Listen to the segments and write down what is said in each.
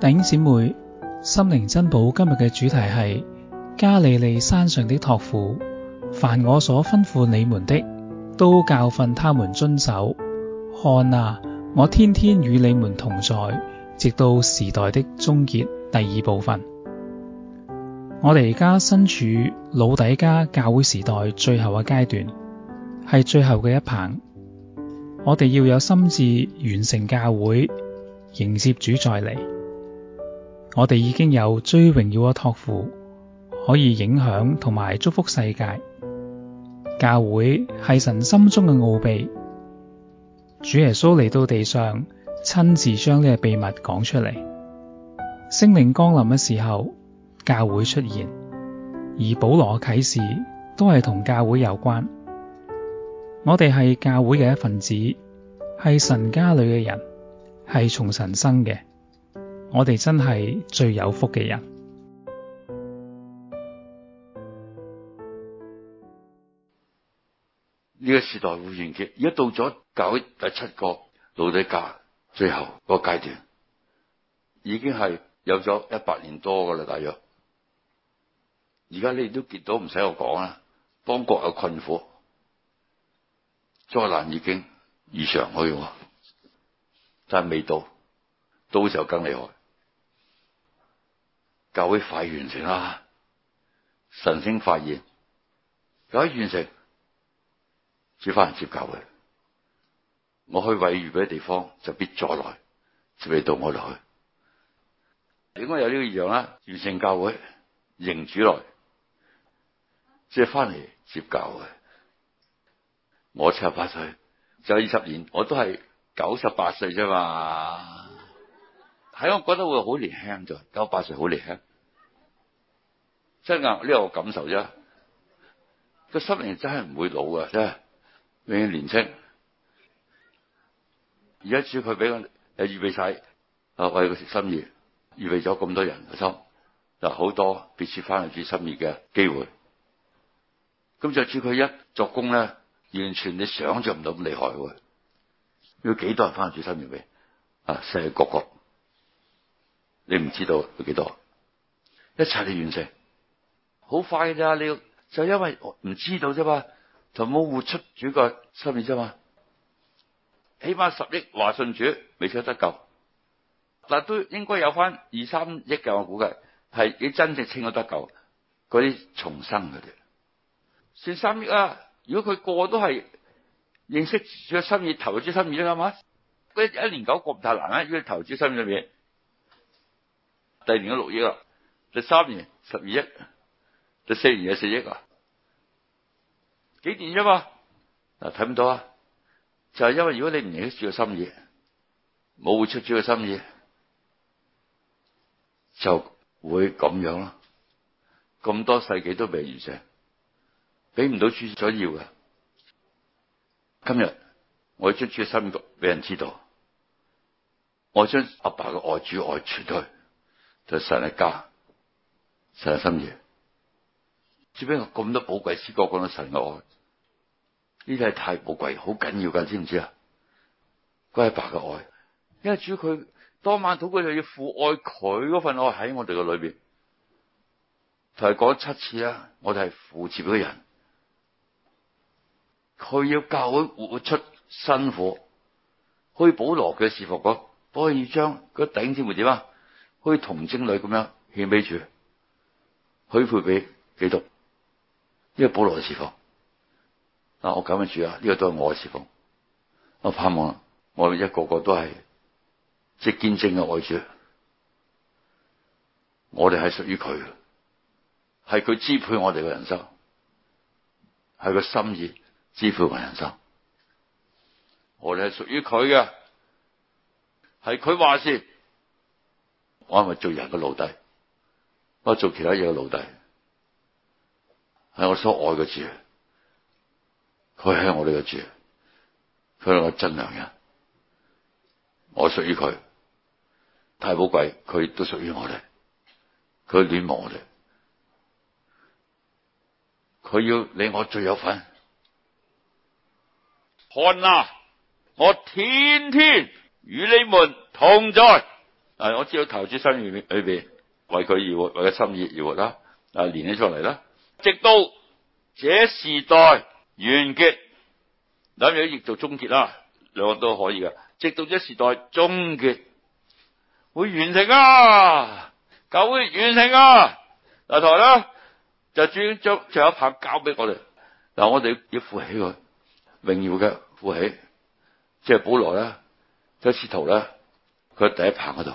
弟兄姊妹心靈珍寶，今日嘅主題係加利利山上的託付。凡我所吩咐你們的，都教訓他們遵守。看哪，我天天與你們同在，直到時代的終結。第二部分，我哋而家身處老底嘉教會時代最後嘅階段，係最後嘅一棒。我哋要有心志完成教會，迎接主再嚟。我哋已經有最榮耀嘅託付，可以影響同埋祝福世界。教會係神心中嘅奧秘，主耶穌嚟到地上親自將呢個秘密講出嚟。聖靈降臨嘅時候，教會出現，而保羅嘅啟示都係同教會有關。我哋係教會嘅一份子，係神家裏嘅人，係從神生嘅。我哋真係最有福嘅人。呢個時代會完結，而家到咗九第七個老底嘉最後個階段，已經係有咗一百年多噶啦，大約。而家你哋都見到，唔使我講啦，邦國有困苦、災難已經異常去，但係未到，到時候更厲害。教會快完成啦，神聖發現，教會完成，主翻嚟接教會，我去預備嗰啲地方就必再來，就未到我去。點解有呢個異象咧？完成教會，迎主來，即係翻嚟接教嘅。我七十八歲，就二十年，我都係九十八歲啫嘛。係，我覺得會好年輕咗，九八歲好年輕，真噶呢個我感受啫。個心靈真係唔會老嘅，真係永遠年輕。而家主佢俾我，誒，預備晒啊，為佢蝕心意，預備咗咁多人嘅心就好多別設翻嚟住心意嘅機會。咁就主佢一作工咧，完全你想象唔到咁厲害。要幾多人翻嚟住心意未？啊，成個，個你唔知道有幾多，一齊嚟完成，好快嘅咋？你就因為唔知道啫嘛，就冇活出主個心意啫嘛。起碼十億華信主未出得夠，但都應該有翻二三億嘅我估計，係你真正清咗得夠嗰啲重生佢哋，算三億啊！如果佢個個都係認識主個心意，投資心意啱嘛？一年九個唔太難啦，要投資心意上面。第二年都六億啦，第三年十二億，第四年又四億啊，幾年啫嘛？嗱睇唔到啊，就係、是、因為如果你唔認識主個心意，冇出主個心意，就會咁樣咯。咁多世紀都未完成，俾唔到主所要嘅。今日我要出主嘅心意俾人知道，我將阿爸嘅愛主愛傳去。就是，神嘅家，神嘅心意，只屘我咁多寶貴詩歌講到神嘅愛，呢啲係太寶貴，好緊要噶，知唔知啊？係白嘅愛，因為主佢當晚禱告佢就要父愛佢嗰份愛喺我哋嘅裏邊，同埋講七次啊！我哋係扶持嘅人，佢要教佢活出辛苦，可以保羅嘅事奉。咁，不可以將佢頂天會點啊？可以同精女咁樣獻俾主，許配俾基督。呢、這個保羅嘅釋放，嗱我感恩主啊！呢、這個都係我嘅釋放。我盼望我哋一個個都係即見證嘅愛主，我哋係屬於佢嘅，係佢支配我哋嘅人生，係佢心意支配我人生。我哋係屬於佢嘅，係佢話事。我係咪做人嘅奴隸？我做其他嘢嘅奴隸？係我所愛嘅主，佢係我哋嘅主，佢係我真良人，我屬於佢，太寶貴，佢都屬於我哋，佢憐憫我哋，佢要你我最有份。看哪，我天天與你們同在。啊！我知道投資生意裏邊，為佢而活，為佢心意而活啦。啊，連起出嚟啦，直到這時代完結，諗住亦做終結啦，兩個都可以噶。直到這時代終結，會完成啊！教會完成啊！嗱，台啦，就專將最後一棒交俾我哋。嗱，我哋要扶起佢榮耀嘅扶起，即係保羅啦，即係使徒啦，佢第一棒嗰度。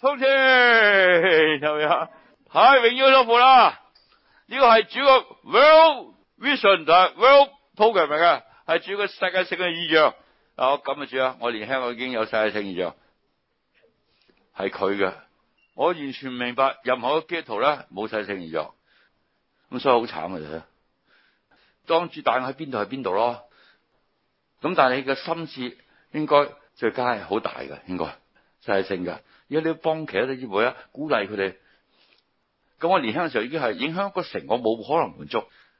通天又有，太榮耀咗副啦！呢個係主個 world vision 同 world picture 嚟噶，係主個世界性嘅意象。我咁嘅主啊，我年輕我已經有世界性意象，係佢嘅。我完全唔明白任何嘅基督徒咧冇世界性意象，咁所以好慘嘅啫。當住但喺邊度係邊度咯，咁但係你嘅心智應該最佳係好大嘅，應該。就係性噶，因為你要幫其他啲姊妹啊，鼓勵佢哋。咁我年輕嘅時候已經係影響個城，我冇可能滿足；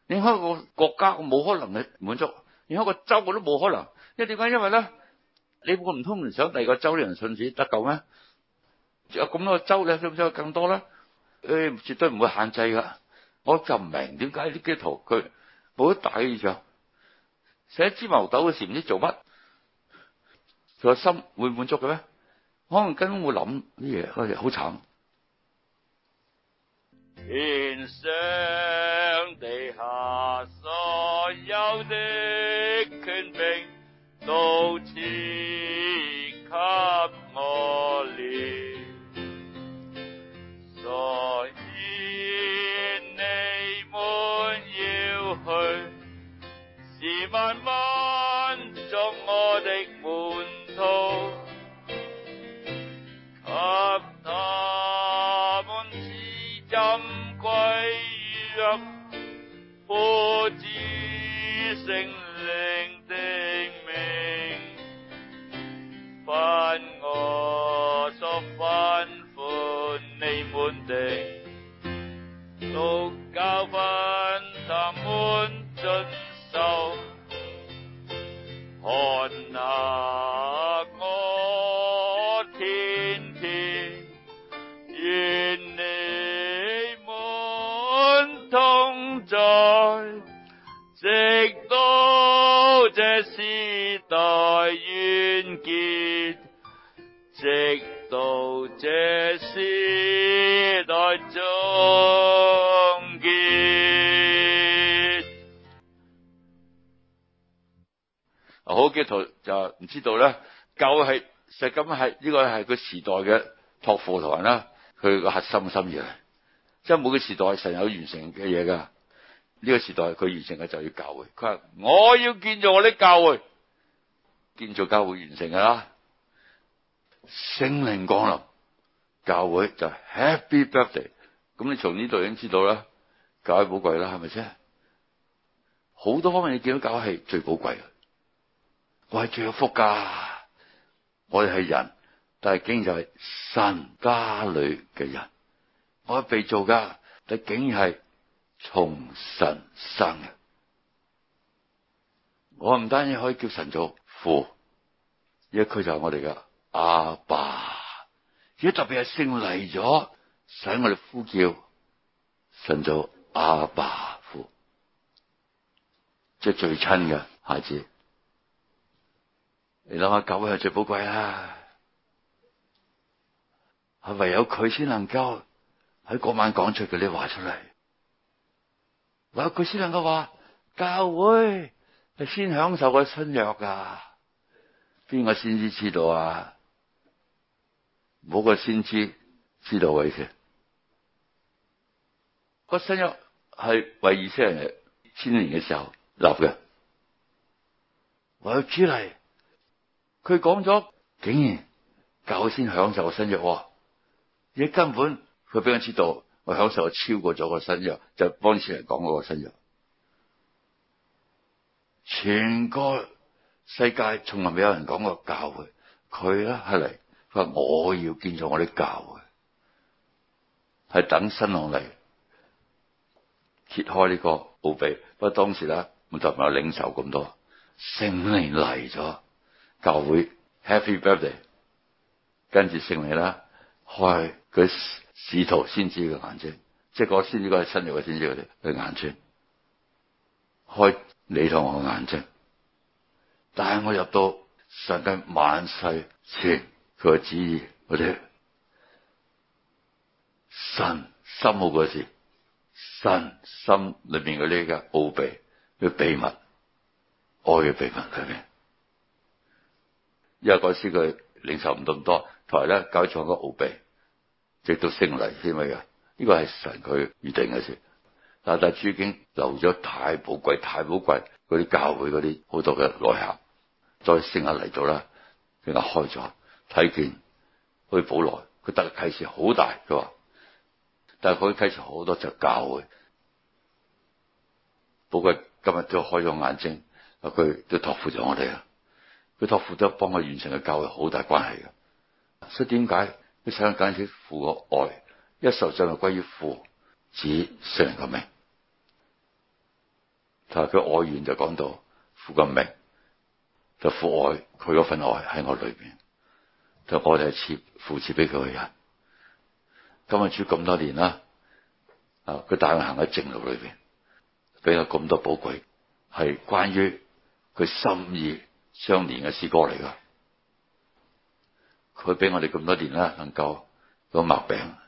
影響個國家，我冇可能嘅滿足；影響個州，我都冇可能。因為點解？因為咧，你唔通唔想第二個州啲人信主得救咩？有咁多個州，你想唔想有更多咧？誒，絕對唔會限制噶。我就唔明點解呢啲基督徒佢冇咗大嘅異象。寫支毛豆嘅時唔知做乜，佢個心會滿足嘅咩？可能跟我諗呢嘢好似好慘。天上地下所有的權柄都賜。那我天天與你們同在，直到這時代完結，直到這時代終結。就就唔知道咧，教會係實咁係呢個係個時代嘅託付台啦，佢個核心嘅心意，即係每個時代神有完成嘅嘢噶，呢、呢個時代佢完成嘅就要教會。佢話我要建造我啲教會，建造教會完成噶啦，聖靈降臨，教會就 Happy Birthday。咁你從呢度已經知道啦，教會寶貴啦，係咪先？好多方面你見到教會係最寶貴。我係最有福噶我哋係人，但係竟然就係神家裏嘅人，我係被造噶，但竟然係從神，神生嘅。我唔單止可以叫神做父，而家佢就係我哋嘅阿爸，而家特別係聖靈嚟咗，使我哋呼叫神做阿爸父，即係最親嘅孩子。你諗下，教會是最寶貴啦，係唯有佢先能夠喺嗰晚講出嗰啲話出嚟，唯有佢先能夠話教會係先享受個新約噶，邊個先至知道啊？冇個先知知道嘅，個新約係為以色列千年嘅時候立嘅，唯有主嚟。佢講咗，竟然教先享受個新約喎！而根本佢俾人知道，我享受我超過咗個新約，就幫世人講過個新約。全個世界從來未有人講過教會，佢咧係嚟，佢話我要建造我啲教會，係等新郎嚟揭開呢，這個奧秘。不過當時咧，我特唔有領袖咁多，聖靈嚟咗。教會 Happy Birthday，跟住聖靈啦，開佢使徒先知嘅眼睛，即係嗰先知個係新約嘅先知佢哋，佢眼睛，開你同我嘅眼睛，但係我入到神嘅萬世前，佢嘅旨意嗰啲，神心嗰個事，神心裏面嗰啲嘅奧秘，啲秘密，愛嘅秘密係咩？因為嗰時佢領受唔到咁多，同埋咧教會創個奧秘，直到升嚟，先咪㗎？呢個係神佢預定嘅事。但係主經留咗太寶貴、太寶貴嗰啲教會嗰啲好多嘅內涵，再升下嚟到啦，佢就開咗睇見去保羅，佢得嘅啟示好大，佢話，但係佢啟示好多就教會，寶貴今日都開咗眼睛，佢都託付咗我哋啊。佢託付都係幫我完成嘅教育，好大關係嘅。所以點解你想簡取父個愛？一受浸係歸於父，子神嘅名。佢話佢愛完就講到父嘅名，就父、是、愛佢嗰份愛喺我裏邊。就我哋係賜父賜俾佢嘅人。今日住咁多年啦，啊，佢帶我行喺正路裏邊，俾咗咁多寶貴，係關於佢心意。相連嘅詩歌嚟㗎，佢俾我哋咁多年啦，能夠個擘餅。